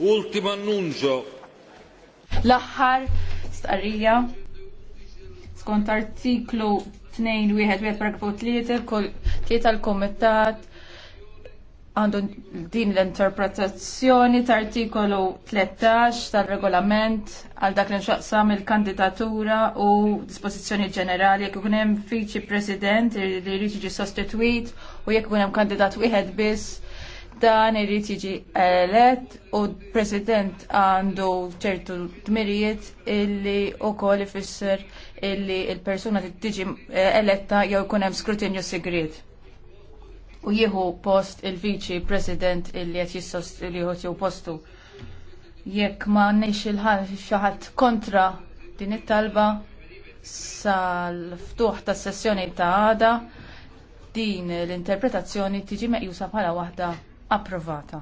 Ultimo annuncio. L-aħħar starija skont artiklu 2 wieħed paragrafu 3 tlieta l-komitat għandu din l-interpretazzjoni ta' artikolu 13 tal-regolament għal dak li inxaqsam il-kandidatura u dispożizzjoni ġenerali jekk ikun hemm president li jrid jiġi sostitwit u jekk ikun hemm kandidat wieħed biss dan irrit jiġi elett u president għandu ċertu dmirijiet illi wkoll ifisser illi l persuna tiġi eh, eletta jew ikun hemm skrutinju segret. U jieħu post il-viċi president illi qed jissost li jew postu. Jekk ma nix il-ħadd kontra din it-talba sal-ftuħ tas-sessjoni ta' għada din l-interpretazzjoni tiġi meqjusa bħala waħda approvata.